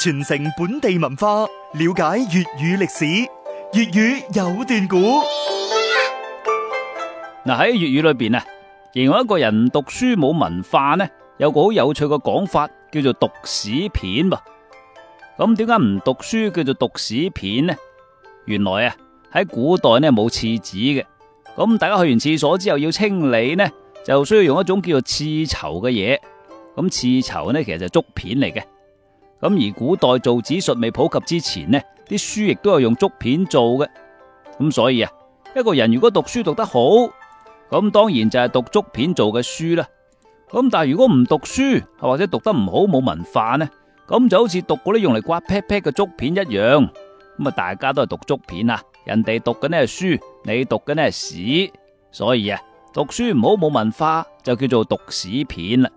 傳承本地文化，了解粵語歷史。粵語有段古，嗱喺粵語裏邊啊，形容一個人唔讀書冇文化咧，有個好有趣嘅講法，叫做讀屎片噃。咁點解唔讀書叫做讀屎片咧？原來啊喺古代咧冇廁紙嘅，咁大家去完廁所之後要清理呢，就需要用一種叫做廁籌嘅嘢。咁廁籌呢，其實就係竹片嚟嘅。咁而古代造紙術未普及之前呢，啲書亦都係用竹片做嘅，咁所以啊，一個人如果讀書讀得好，咁當然就係讀竹片做嘅書啦。咁但係如果唔讀書，或者讀得唔好冇文化呢，咁就好似讀嗰啲用嚟刮劈劈嘅竹片一樣。咁啊，大家都係讀竹片啊，人哋讀嘅呢係書，你讀嘅呢係屎。所以啊，讀書唔好冇文化，就叫做讀屎片啦。